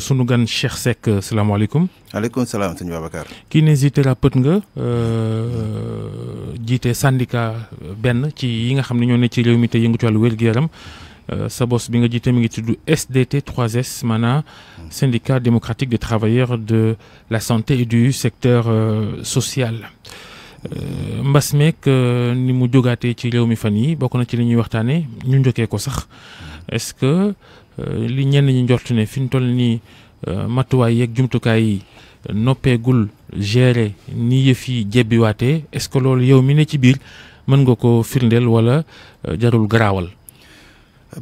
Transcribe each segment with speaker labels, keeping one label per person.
Speaker 1: sunu gan Cheikh Salam euh, salaamaaleykum.
Speaker 2: aleykum salam, Seigneur Babacar.
Speaker 1: kinésithérapeute nga euh, jiite syndicat Ben, ci yi nga xam ne ñoo ne ci réew mi te yëngu sa boss, bi nga jiite mi ngi SDT 3S mana syndicat démocratique des travailleurs de la santé et du secteur social. mbas meek ni mu jógaatee ci réew mi fan yi bokk na ci li ñuy waxtaanee ñu njëkkee ko sax hmm. est-ce que. Euh, li ñenn ñi njort ne fi ñu toll nii euh, matuwaay yeeg jumtukaay euh, noppeegul gérer ni yëf yi jebbiwaatee est-ce que yow mi ne ci biir mën nga ko firndeel walla jarul garaawal.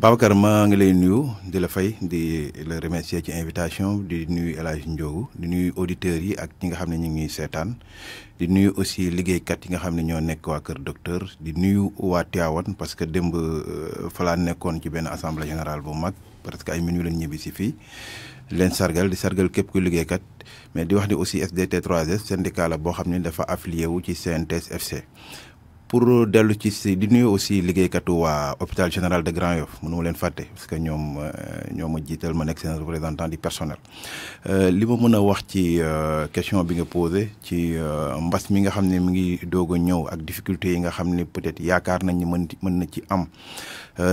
Speaker 2: Babacar maa ngi lay nuyu di la fay di la remercier ci invitation di nuyu élage Hadj di nuyu auditeurs yi ak ñi nga xam ne ñu ngi seetaan di nuyu aussi liggéeykat yi nga xam ne ñoo nekk waa Kër Docteur di nuyu waa Tivaouane parce que démb fa laa nekkoon ci benn assemblée général bu mag. parce que ay minuit lañ ñibbi si fii leen sargal di sargal képp kuy liggéeykat mais di wax ni aussi SDT 3S syndicat boo xam ne dafa affilié wu ci CNTS FC pour dellu ci di aussi liggéeykatu waa hôpital général de Grand Yoff parce que nous sommes tellement ma représentant du personnel euh, li ma mën wax ci euh, question bi nga euh, difficulté yi nga peut-être am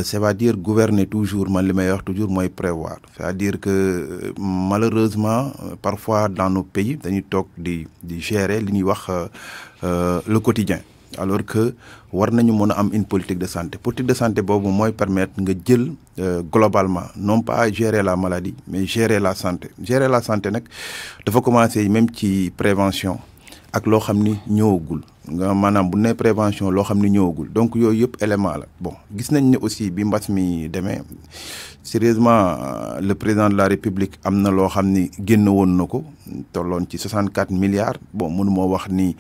Speaker 2: c'est-à-dire gouverner toujours man li toujours prévoir c'est-à-dire que malheureusement parfois dans nos pays dañuy toog di di gérer li le quotidien alors que nous nañu une politique de santé politique de santé boobu mooy permettre nga jël euh, globalement non pas gérer la maladie mais gérer la santé gérer la santé nag dafa commencer même ci prévention ak loo xam ni nga manam bu ne prévention lo xamni ñewugul donc yooyu yëpp élément la bon gis nañ ne aussi bi mbass mi demee sérieusement euh, le président de la république amna lo xamni xam ni génn woon na ci 64 milliards bon mënu mo wax ni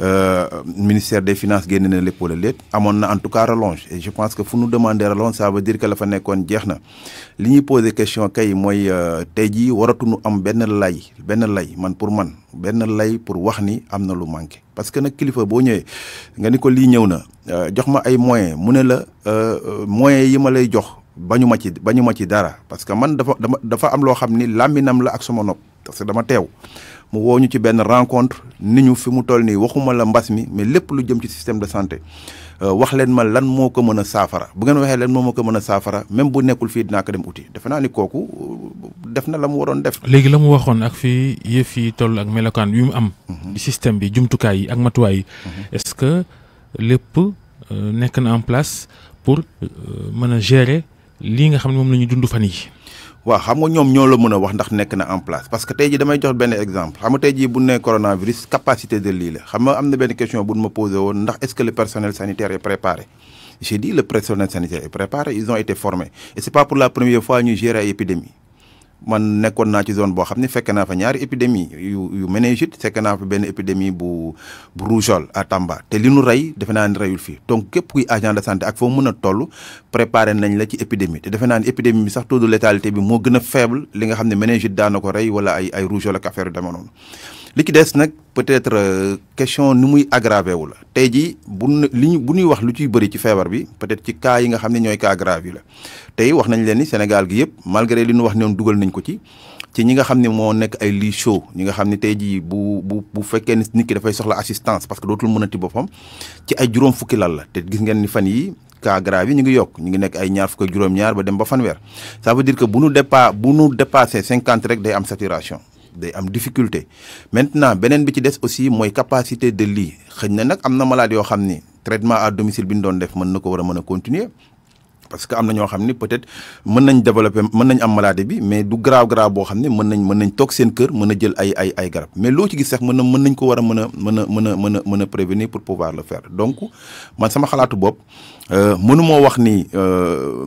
Speaker 2: euh, ministère des finances génné na lépp wala léet amoon na en tout cas rallonge et je pense que fu nous demander rallonge ça veut dire que la fa nékkon jeex li ñi poser question kay mooy euh, tey waratu waratuñu am ben lay ben lay man pour man ben lay pour wax ni amna lu manqué parce que nag kilifa boo ñëwee nga ni ko lii ñëw na euh, jox ma ay moyens mu ne la euh, euh, moyens yi ma lay jox bañu ma ci bañu ma ci dara parce que man dafa dama dafa am loo xam ni làmminam la ak sama nopp parce que dama tew mu woñu ci ben rencontre niñu ñu fi mu toll ni waxuma la mbas mi mais lepp lu jëm ci système de santé euh, wax leen ma lan moo ko mën a saafara bu ngeen waxee leen moo ma ko mën a saafara même bu nekkul fii dinaa ko dem uti defe naa ni kooku euh, def na la mu waroon def.
Speaker 1: léegi la mu waxoon ak fi yëf yi toll ak melokaan yu mu am. Mhm. système bi jumtukaay yi ak matuwaay yi. Mhm. est-ce que euh, lépp nekk na en place pour
Speaker 2: mën a gérer li nga xam ne moom la ñu dund fan yi waaw xam nga ñoom ñoo la mën wax ndax en place parce que je vais damay jox benn exemple xam nga tey jii bu coronavirus capacité de l'île, la xam nga am na question bu est-ce que le personnel sanitaire est préparé j'ai dit le personnel sanitaire est préparé ils ont été formés et n'est pas pour la première fois ñu gérer gérons épidémie man nekkoon naa ci zone boo xam ne fekk naa fa ñaari épidémie yu yu méningite fekk a fa benn épidémie bu bu rougeole à Tamba te li nu rey defe naa ne reyul fii donc képp kuy agent de santé ak foo mën a toll préparé nañ la ci épidémie te defe naa ne épidémie bi sax taux de létalité bi moo gën a faible li nga xam ne méningite daan na ko rey wala ay ay rougeole ak affaire noonu li ci des nag peut-être euh, question nu muy aggravé wu la tey jii bu li bu ñuy wax lu ci bëri ci fièvre bi peut-être ci cas yi nga xam ñoy cas grave yi la tay wax nañ leen ni Sénégal gi yépp malgré li ñu wax ñoom dugal nañ ko ci ci ñi nga xam mo nek ay li chauds ñi nga xam ne tey bu bu bu fekkee ni nit ki fay soxla assistance parce que dootul mëna ti bopam ci ay juróom fukki lal la te gis ngeen ni fan yi cas grave yi ñu ngi yok ñu ngi nek ay ñaar fukk ak ñaar ba dem ba fan fanweer ça veut dire que bu ñu dépa bu ñu dépassé 50 rek day am saturation day am difficulté maintenant benen bi ci des aussi moy capacité de lit xëñ nak amna malade yo xamni ni traitement à domicile bi doon def mën nako wara war continuer parce que amna ño xamni peut-être mën nañ développer mën nañ am maladie bi mais du grave grave bo xamni ne mën nañ mën nañ toog seen kër mën jël ay ay ay garab mais lo ci gis sax mën na mën nañ ko wara a mën a mën prévenir pour pouvoir le faire donc man sama xalaatu euh mënu mo wax ni euh,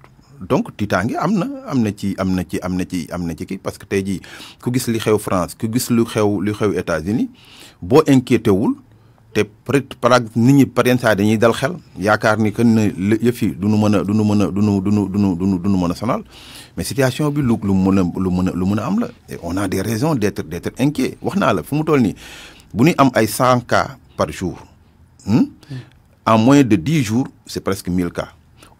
Speaker 2: donc il y ci ci ci ci parce que ku gis li xew France ku gis lu xew xew États-Unis bo inquiété wul té dañuy dal xel ni que ne du du mais situation bi lu lu lu et on a des raisons d'être d'être inquiet waxna la fu cas par jour hmm? Hmm. en moins de 10 jours c'est presque 1000 cas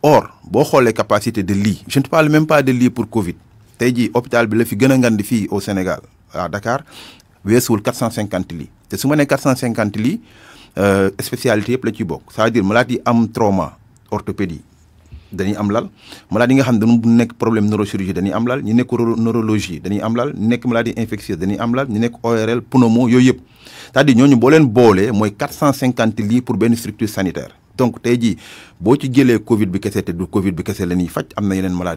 Speaker 2: or regarde les capacités de lit. je ne parle même pas de lit pour Covid tey jii hôpital bi la fi gën au Sénégal à Dakar a 450 lits te su ma 450 lits euh, spécialité yëpp la ciy c'est-à-dire maladies yi am trauma orthopédie dañuy am lal maladie nga xam dañu nekk problème neurochirurgie dañuy am lal ñu nekk neurologie dañuy am lal ñu nekk maladie infectieuse dañuy am lal ñu nekk ORL pneumo yooyu yëpp c'est-à-dire ñooñu boo leen boolee mooy 450 lits pour benn structure sanitaire donc tu as dit, ci tu Covid bi Covid bi kessé lañuy le amna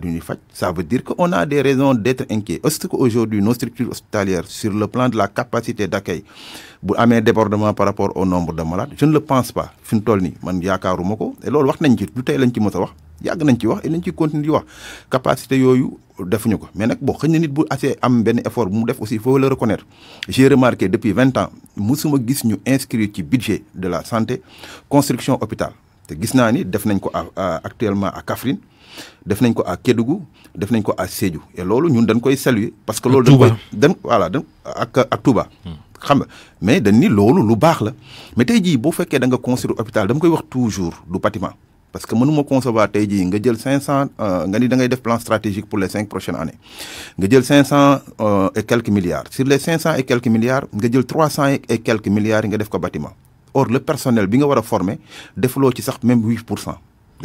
Speaker 2: ça veut dire qu'on a des raisons d'être inquiets est-ce qu'aujourd'hui, aujourd'hui nos structures hospitalières sur le plan de la capacité d'accueil, amènent bu amé débordement par rapport au nombre de malades je ne le pense pas Je man et wax nañ ci du lañ yàgg nañ ci wax et nañ ci continuer di wax capacité yooyu defuñu ko mais nag bon xëy na nit bu assez am benn effort bu mu def aussi faut le reconnaître j'ai remarqué depuis vingt ans musuma gis ñu inscrire ci budget de la santé construction hôpital te gis naa ni def nañ ko actuellement à Kaffrine def nañ ko à Kédougou def nañ ko à Sédhiou et loolu ñun dañ koy saluer parce que loolu dañ voilà dañ ak ak Touba hmm. xam nga mais dañ ni loolu lu baax la mais tey jii boo fekkee da nga construire hôpital dama koy wax toujours du bâtiment parce que je concevoir a 500 nga euh, plan stratégique pour les cinq prochaines années nga jël 500 euh, et quelques milliards sur les 500 et quelques milliards nga jël 300 et quelques milliards nga def ko or le personnel bi nga wara former defulo ci sax même 8%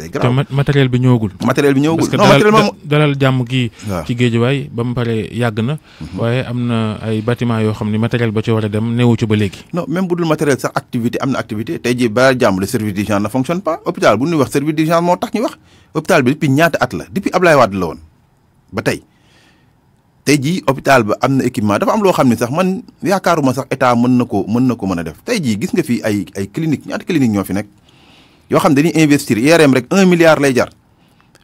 Speaker 2: day garaaw te matériel bi ñëwagul. matériel bi ñëwagul non matériel moom
Speaker 1: dalal jàmm gi ci géejuwaay ba mu pare yàgg na. Mhm. waaye am na ay bâtiment yoo xam ne matériel ba ci war a dem newu ci ba léegi.
Speaker 2: non même bu dul matériel sax activité am na activité tey jii ba jàmm le service d'urgence ne fonctionne pas hôpital bu ñuy wax service d'urgence moo tax ñu wax hôpital bi depuis ñaata at la depuis Ablaye Wade la woon ba tey. tey jii hôpital ba am na équipement dafa am loo xam ne sax man yaakaaruma sax état mën na ko mën na ko mën a def tey jii gis nga fi ay ay clinique ñaata clinique ñoo fi nekk yoo xam dañuy investir IRM rek un milliard lay jar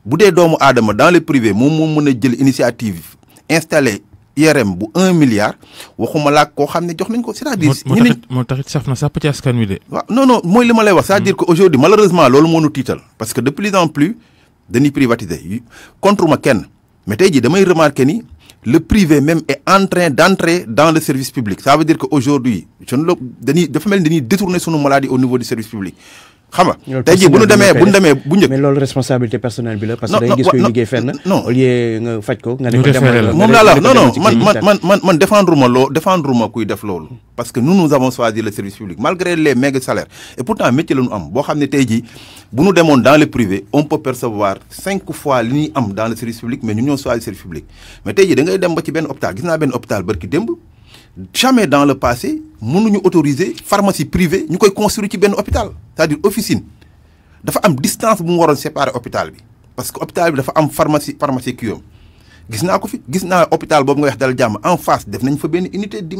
Speaker 2: bu dee doomu aadama dans le privé moom moo mën a jël initiative installé IRM bu un milliard waxuma laa koo xam ne jox nañ ko c'est-à-dire. ñu ne
Speaker 1: moo taxit saf na sàpp ci askan wi de.
Speaker 2: waaw non non mooy li ma lay wax c'est-à-dire mm. que aujourd'hui malheureusement loolu moo nu tiital parce que de plus en plus dañuy privatiser contre ma kenn mais tey jii damay remarquer ni. le privé même est en train d'entrer dans le service public. Ça veut dire qu'aujourd'hui, je ne le, détourner son maladie au niveau du service public xam nga tey jii bu ñu demee bu ñu demee bu njëkk mais loolu responsabilité personnelle bi la parce que day gis koy liggéey fenn non au lieu nga faj ko nga moom laa la non non man man man man man défendre ma loo défendre ma kuy def loolu parce que nous nous avons choisi le service public malgré les méga salaires et pourtant métier la ñu am boo xam ne tey jii bu ñu demoon dans le privé on peut percevoir cinq fois li ñuy am dans le service public mais ñun ñoo choisi service public mais tey jii da ngay dem ba ci benn hôpital gis naa benn hôpital barki démb jamais dans le passé nous autorisé autoriser pharmacie privée nous construire un hôpital c'est-à-dire officine dafa une distance bu mu séparer hôpital parce que l'hôpital bi une pharmacie pharmacie est gis ko fi hôpital nga en face def nañ fa unité de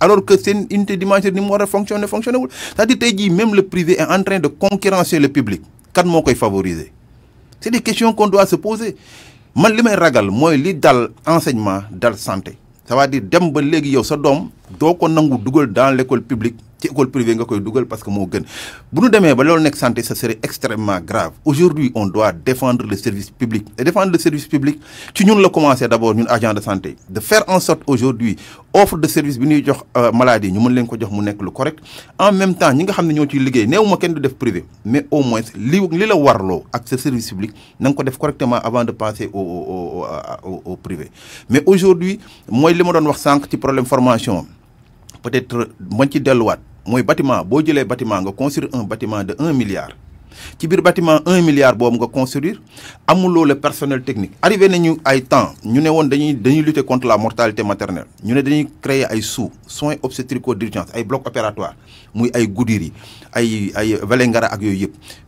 Speaker 2: alors que c'est une unité d'imagerie ni qui fonctionner c'est-à-dire que même le privé est en train de concurrencer le public kan moo koy favorisé, c'est des questions qu'on doit se poser man suis may ragal dans li dal enseignement dal santé cest à dem ba léegi yow sa doom doo ko nangu dugal dans l'école publique ci école privée nga koy dugal parce que moo gën bu ñu demee ba loolu nekk santé ça serait extrêmement grave aujourd'hui on doit défendre le service public et défendre le service public ci ñun la commencé d'abord ñun agent de santé de faire en sorte aujourd'hui offre de service bi ñuy jox euh, maladie ñu mën leen ko jox mu nekk lu correct en même temps ñi nga xam ne ñoo ciy liggéey néew kenn du def privé mais au moins li li la warloo ak service public na nga ko def correctement avant de passer au au au privé mais aujourd'hui mooy li ma doon wax sànq ci problème formation peut-être euh, mañ ci delluwaat si bâtiment bo bâtiment nga construire un bâtiment de 1 milliard ci un bâtiment 1 milliard boobu nga construire amul le personnel technique arrivé nañu ay temps ñu ne dañuy lutter contre la mortalité maternelle ñu ne dañuy créer ay sous soins obstétricaux d'urgence ay blocs opératoires muy ay Goudiri ay ay Vélingara ak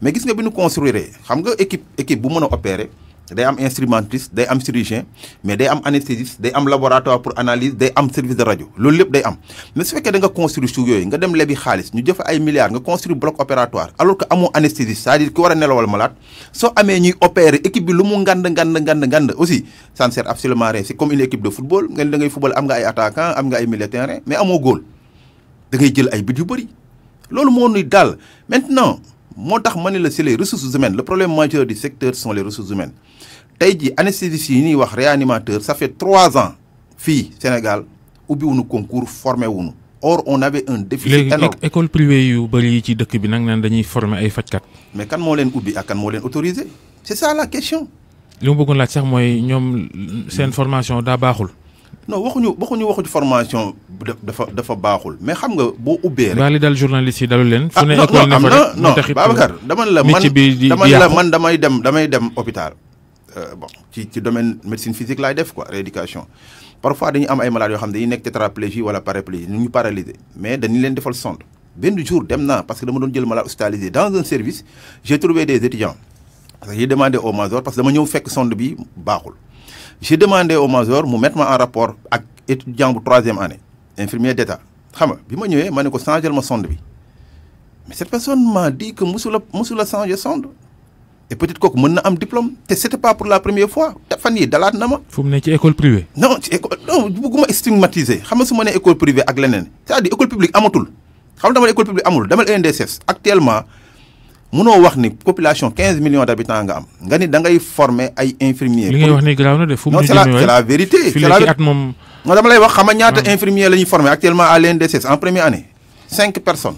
Speaker 2: mais gis nga bi construire xam nga équipe équipe bu opérer day am instrumentiste day am chirurgien mais day am anesthésiste day am laboratoire pour analyse day am service de radio, loolu lépp day am mais su fekkee da nga construire suuf yooyu nga dem lebi xaalis ñu jëf ay milliards nga construire bloc opératoire alors que amoo anesthésiste c'est-à-dire ki war a nelawal malade soo amee ñuy opérer équipe bi lu mu ngand ngand ngand ngand aussi ça ne sert absolument rien c'est comme une équipe de football nga da ngay football am nga ay attaquant am nga ay milieu terrain mais amoo góol da ngay jël ay but yu bëri loolu moo nuy dal maintenant moo mané la c'est les ressources humaines le problème majeur du secteur sont les ressources humaines tey jii anesthésistes yi ñuy wax réanimateur ça fait 3 ans fi Sénégal ubbi wuñu concours formé wunu or on avait un déficit énorme léegi
Speaker 1: école privée yu bari ci dëkk bi nak naan dañuy former ay fajkat.
Speaker 2: mais kan mo len ubbi ak kan mo len autoriser c'est ça la question.
Speaker 1: li mu bëggoon laaj sax moy ñom sen formation da baxul
Speaker 2: non waxuñu waxuñu waxu ci formation dafa dafa baaxul mais xam nga boo ubbee rek. baali
Speaker 1: dal journaliste yi dalu leen. Ah, fu ne école ne fa rek non Babacar dama la man dama la man
Speaker 2: damay dem damay dem hôpital. Euh, bon ci ci domaine médecine physique lay def quoi rééducation parfois dañu am ay malades yo xam dañu nek tétraplégie wala paraplégie ñu ñu paralysé mais dañu leen defal sonde. benn jour dem naa parce que dama doon jël malade hospitalisé dans un service j'ai trouvé des étudiants parce que j'ai demandé au major parce que dama ñëw fekk sonde bi baaxul j'ai demandé au major de mettre en rapport un étudiant de troisième année infirmier d'état Je nga bi ma ma sonde mais cette personne m'a dit que je la musu la sonde et peut-être que mën diplôme ce c'était pas pour la première fois Il faut que je
Speaker 1: sois fu école privée.
Speaker 2: non je école non Je stigmatiser xam nga su c'est une école privée ak leneen c'est-à-dire école publique amatul Je suis dama une école publique amul demal ENDSS actuellement munoo wax ni population 15 millions d'habitants habitants nga am nga ni da ngay former ay infirmiers. li ngay wax
Speaker 1: ni grave na de fu mu ñu la vérité. C'est la at
Speaker 2: moom. dama lay wax xam nga ñaata ah. infirmiers former actuellement à l' en première année. 5 personnes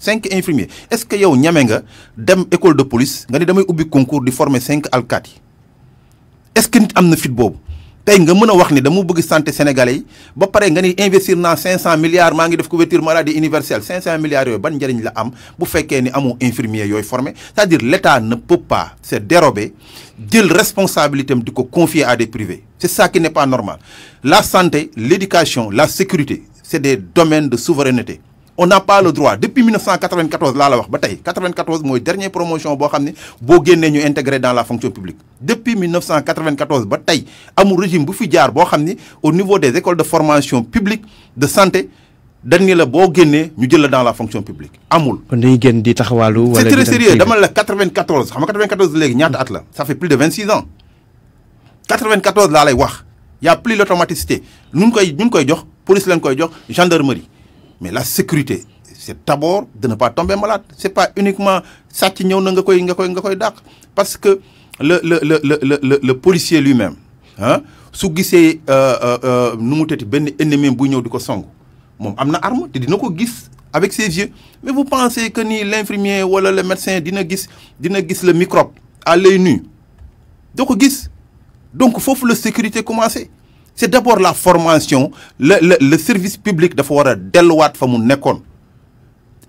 Speaker 2: 5 infirmiers est ce que yow ñeme nga dem école de police nga ni damay ubbi concours de former 5 alkaati yi est ce que nit am na fit boobu tay nga mëna wax ni bëgg santé sénégalais ba paré nga investir 500 milliards ma ngi def couverture maladie universelle 500 milliards yooyu ban vous la am bu féké ni amu infirmier yoy formé c'est-à-dire l'État ne peut pas se dérober la responsabilité diko confier à des privés c'est ça qui n'est pas normal la santé l'éducation la sécurité c'est des domaines de souveraineté on n'a pas le droit depuis 1994 là la wax batay 94 moy dernière promotion bo xamni bo ñu dans la fonction publique depuis 1994 batay tey régime bu fi jaar bo xamni au niveau des écoles de formation publique de santé dañ la ñu jël dans la fonction publique amul. c'est très sérieux dama la 94 xam 94 légui ñaata at la. ça fait plus de 26 ans 94 la lay wax y a plus l'automaticité Nous, ñu koy nu ñu koy jox police lañ koy jox gendarmerie mais la sécurité c'est d'abord de ne pas tomber malade Ce n'est pas uniquement ça qui nous nga koy nga parce que le le le le le policier lui-même si hein, su gisee euh, euh, euh, nu mu ennemi bu ñëw di ko song il a na arme te dina avec ses yeux mais vous pensez que ni l'infirmier le médecin dina gis le microbe à l'œil nu donc il faut donc la sécurité commence c'est d'abord la formation le le le service public de war a delluwaat fa mu nekkoon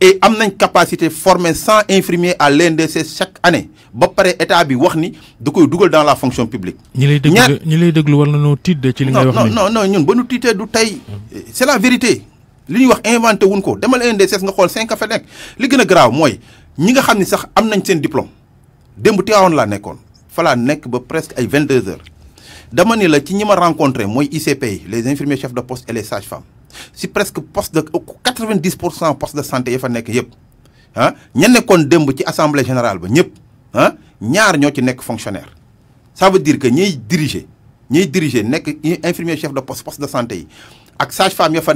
Speaker 2: et am une capacité former sans infirmiers à l'INDC chaque année ba pare état bi wax ni da koy dans la fonction publique.
Speaker 1: ñi lay déglu ñi lay déglu ci li ngay wax. non non
Speaker 2: non ñun ba ñu du c'est la vérité li ñuy wax inventé un ko Demain, INDC nga xool cinq fa nekk li gën a grave. Moi, ñi nga xam ni sax am nañ diplôme démb à on la fa laa nekk ba presque ay 22 heures dama ni la ci ñima rencontré moi ICP les infirmiers chefs de poste et les sages-femmes C'est presque poste de 90 de santé Ils fa nekk yëpp ah ña l'Assemblée ci assemblée générale ba ñëpp ah ñaar ño ci fonctionnaire ça veut dire que ñiy diriger ñiy diriger nek infirmiers chefs de poste poste de santé ak sages-femmes ya fa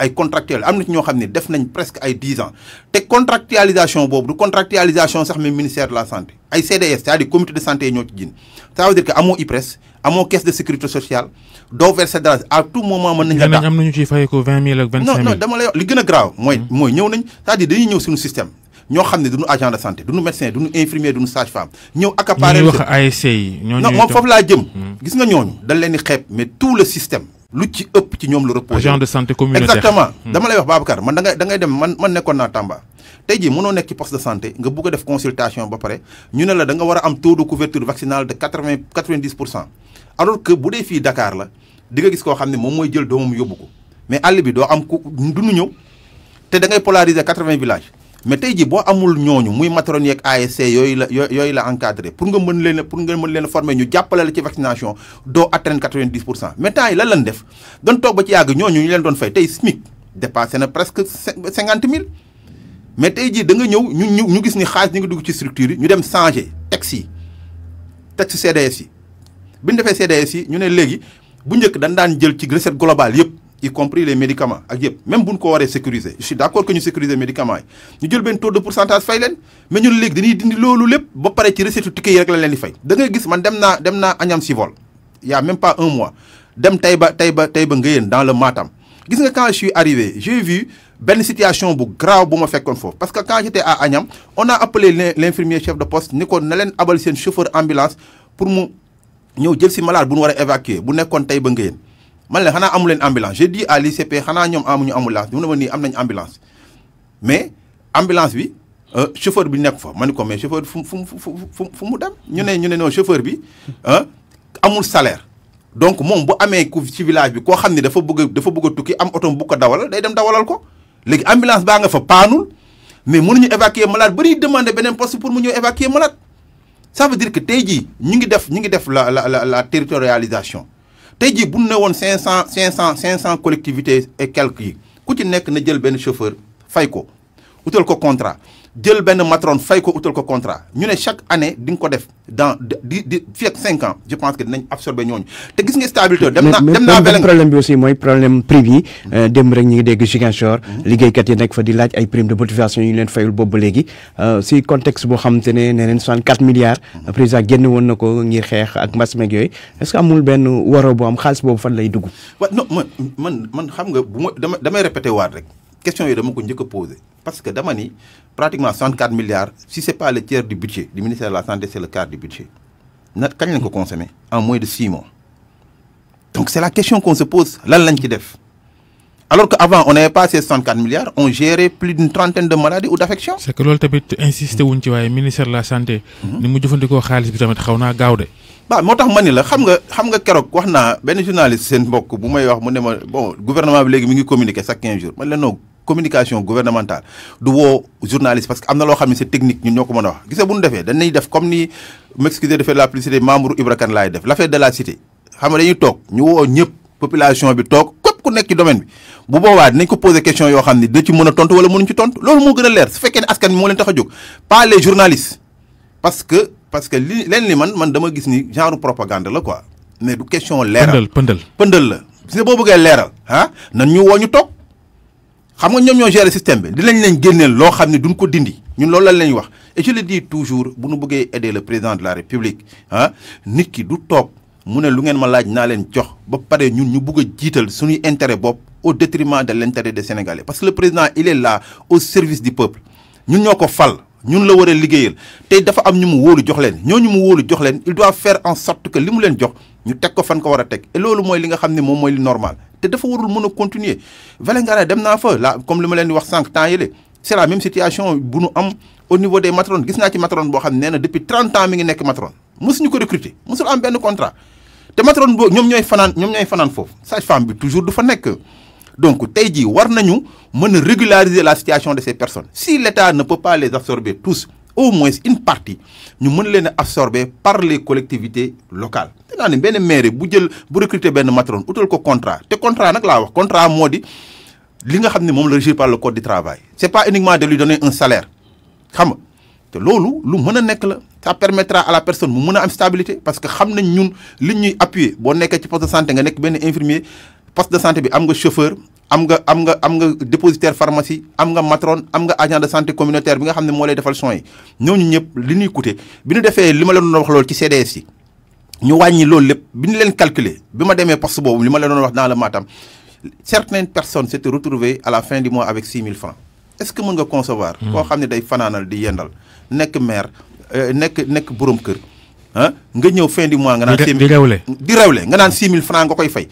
Speaker 2: ay contractuels am na def nañ presque ay dix ans té contractualisation c'est du contractualisation sax même ministère de la santé ay CDS c'est-à-dire comité de santé ño ci ça veut dire que mon IPRES à mon caisse de sécurité sociale doo verser dara à tout moment mën nañ la daax non non dama lay wax li gën grave mooy hmm. mooy ñëw nañ c'est-à-dire dañuy ñëw suñu système ñoo xam ne duñu agent de santé duñu médecin duñu infirmier duñu sage femme ñëw accaparer wax
Speaker 1: ASC yi non moom foofu laa
Speaker 2: jëm hmm. gis nga ñooñu dañ leen di xeeb mais tout le système lu ci ëpp ci ñoom lu repose agent de santé communautaire exactement hmm. dama lay wax Babacar man da ngay da ngay dem man man nekkoon naa Tamba tey jii mënoo nekk ci poste de santé nga bugg a def consultation ba pare ñu ne la da nga war a am taux de couverture vaccinale de 80, 90 alors que bu dee fii Dakar la di nga gis koo xam ne moom mooy jël doomam yóbbu ko mais àll bi doo am ku dunu ñëw te da ngay polariser 80 villages. mais tey jii boo amul ñooñu muy matron yeeg ASC yooyu la yooyu la encadré pour nga mën leen pour nga mën leen former ñu jàppale la ci vaccination doo atteindre 90%. pour cent mais temps yi lan lan def doon toog ba ci yàgg ñooñu ñu leen doon fay tey SMIC dépassé na presque 50 000 mais tey da nga ñew ñu ñu gis ni xaalis nous nga dugg ci structure ñu dem changer CDSI, yi CDS yi bi ñu defee CDS ne bu njëkk dañ daan jël ci recette globale y compris les médicaments ak même bu ñu ko waree sécuriser je suis d'accord que ñu sécuriser médicaments ñu jël benn taux de pourcentage fay mais ñun léegi dañuy dindi loolu lépp ba pare ci recette ticket rek la leen di fay da nga gis man dem a même pas un mois dem dans le Matam gis nga quand je suis arrivé j'ai vu belle situation bu grave bu ma fekkoon foofu parce que quand j'étais à Agnam on a appelé l'infirmier chef de poste niko ko na abal sen chauffeur ambulance pour mu ñëw jël si malade bu ñu war évacuer bu nekkoon tay ba ngeen man le xana amu ambulance j'ai dit à l'ICP xanaa ñoom amuñu ambulance mu ne am nañ ambulance mais ambulance bi euh, chauffeur bi nekk fa ma ko mais chauffeur fu fu fu fu mu dem ñu ne ñu ne non chauffeur bi hein, amul salaire donc mom bu amé ku ci village bi ko xamni dafa bëgg dafa bëgg tukki am auto bu ko dawal day dem dawalal ko les ambulances baa nga fa paanul mais mënuñu évacuer malade malades. on demander un poste pour mu pour évacuer malade ça veut dire que nous jii ñu ngi la la la la territorialisation Aujourd'hui, si bu ne 500 collectivités et quelques on ku ci nekk na jël chauffeur fay utal ko contrat djel ben matron fay ko utal ko contrat ñu né chaque année di ko def dans di di ak cinq ans je pense que dinañ absorber ñooñu te gis nga stabilité. dem naa dem problème bi aussi moy problème privé dem mm. euh, démb rek ñu ngi dégg Ziguinchor. Mm. kat yi nekk fa di laaj ay prime de motivation ñu leen fayul bobu légui euh, si contexte bo xam te ne nee 64 milliards. Mm. président génn won nako ngir xex ak mbas ak yoy est-ce amul ben waro bo am xaliss bobu fan lay dugg. non man man xam nga bu répété waat rek question est dama ko njëkk pose. parce que dama pratiquement 64 milliards si ce n'est pas le tiers du budget du ministère de la santé c'est le quart du budget nat kañ lañ ko consommé en moins de 6 mois donc c'est la question qu'on se pose lan lañ ci def alors qu'avant, on n'avait pas ces 64 milliards on gérait plus d'une trentaine de maladies ou d'affections c'est que
Speaker 1: loolu tamit insisté au ci ministère de la santé hum. ni mu dit xaalis bi tamit xaw naa gaaw
Speaker 2: bah motax tax la xam nga xam nga kérok waxna ben journaliste sen mbokk bu may wax mu ne ma bon gouvernement bi légui mi ngi communiquer chaque 15 jours man la communication gouvernementale du wo journaliste parce que amna lo xamni xam ne c'est technique ñun ñoko mëna wax. gis buñu défé dañ lay def comme ni m'excuser de faire la publicité membre Ibra lay def l'affaire de la cité xam nga dañuy tok ñu wo ñëpp population bi tok képp ku nekk ci domaine bi bu boobaa dinañ ko poser question yo xamni de ci mëna a tontu wala mënu ci tontu lolu mo gëna a leer su fekkee ne askan mo leen tax pas les journalistes parce que parce que li li man man dama gis ni genre propagande la quoi mais du question leeral pëndal pëndal la c'est bo boo bëggee leeral ah, nan ñu woñu tok xam nga ñom ñoo gérer système bi dinañ leen génneel loo xam ne duñ ko dindi ñun loolu lañ lañ wax et je le dis toujours bu ñu bëggee aider le président de la république ah nit ki du tok mu ne lu ngeen ma laaj naa leen jox ba pare ñun ñu bugg a jiital suñuy intérêt bopp au détriment de l' intérêt des sénégalais parce que le président il est là au service du peuple ñun ñoo ko fal ñun la wara a liggéeyal tey dafa am ñu mu wóolu jox leen ñu mu wóolu jox leen il doit faire en sorte que li mu leen jox ñu teg ko fan ko war a teg et loolu mooy li nga xam ne moom mooy li normal te dafa warul mën a continuer Vélingara dem naa fa la comme li ma leen di wax sànq temps yële c'est la même situation bu nu am au niveau des matrones gis naa ci matrone boo xam ne na depuis 30 ans mi ngi nekk matrone mosuñu ko recruter mosul am benn contrat te matrone bo ñoom ñooy fanaan ñoom ñooy fanaan foofu sage-femme bi toujours du fa nekk donc, nous devons régulariser la situation de ces personnes. Si l'État ne peut pas les absorber tous, au moins une partie, nous pouvons les absorber par les collectivités locales. Une ben maire, si vous recrutez un matron, vous avez un contrat. Le contrat, c'est le contrat qui li nga xam ne moom la par le code du travail Ce n'est pas uniquement de lui donner un salaire xam nga te lu ça permettra à la personne de mën stabilité parce que xam nañ ñun li ñuy appuyer un nekkee ci poste de santé nga nekk un infirmier poste de santé bi am nga chauffeur am nga am nga am nga dépositaire pharmacie am nga matrone am nga agent de santé communautaire bi nga xamne mo lay defal soin yi ñooñu ñëpp li ñuy coûter bi ñu defee li la doon wax lool ci CDS yi ñu wañi lool lepp bi ñu leen calculer bi ma demee poste bobu lima la doon wax dans le Matam certaines personnes s'étaient retrouvées à la fin du mois avec 6000 francs est-ce que mën nga concevoir. Hmm. ko xamne day fananal di yendal nek maire euh, nek nek borom kër hein nga ñëw fin du mois. nga naan di rewlé di rewlé nga naan 6000 francs nga koy fay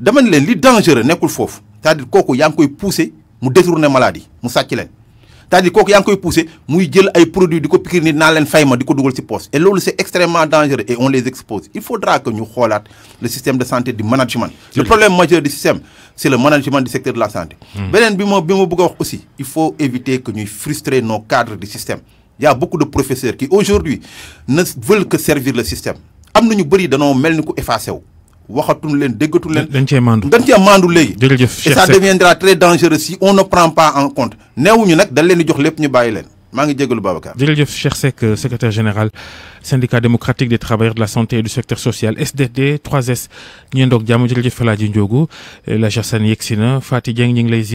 Speaker 2: dama ne leen li dangereux nekkul foofu c'est-à-dire kooku yaa ngi koy poussé mu détourner maladie mu sàcc leen c'est-à-dire kooku yaa ngi koy poussé muy jël ay produits di ko piqûre nit naa leen fay ma poste et loolu c'est extrêmement dangereux et on les expose il faudra que ñu xoolaat le système de santé du management le problème majeur du système c'est le management du secteur de la santé hmm. beneen bi ma bi bëgg wax aussi il faut éviter que ñuy frustrer nos cadres du système il y a beaucoup de professeurs qui aujourd'hui ne veulent que servir le système am na ñu bëri danoo mel ni
Speaker 1: et
Speaker 2: ça deviendra très dangereux si on ne prend pas en compte
Speaker 1: secrétaire général syndicat démocratique des travailleurs de la santé et du secteur social SDD 3S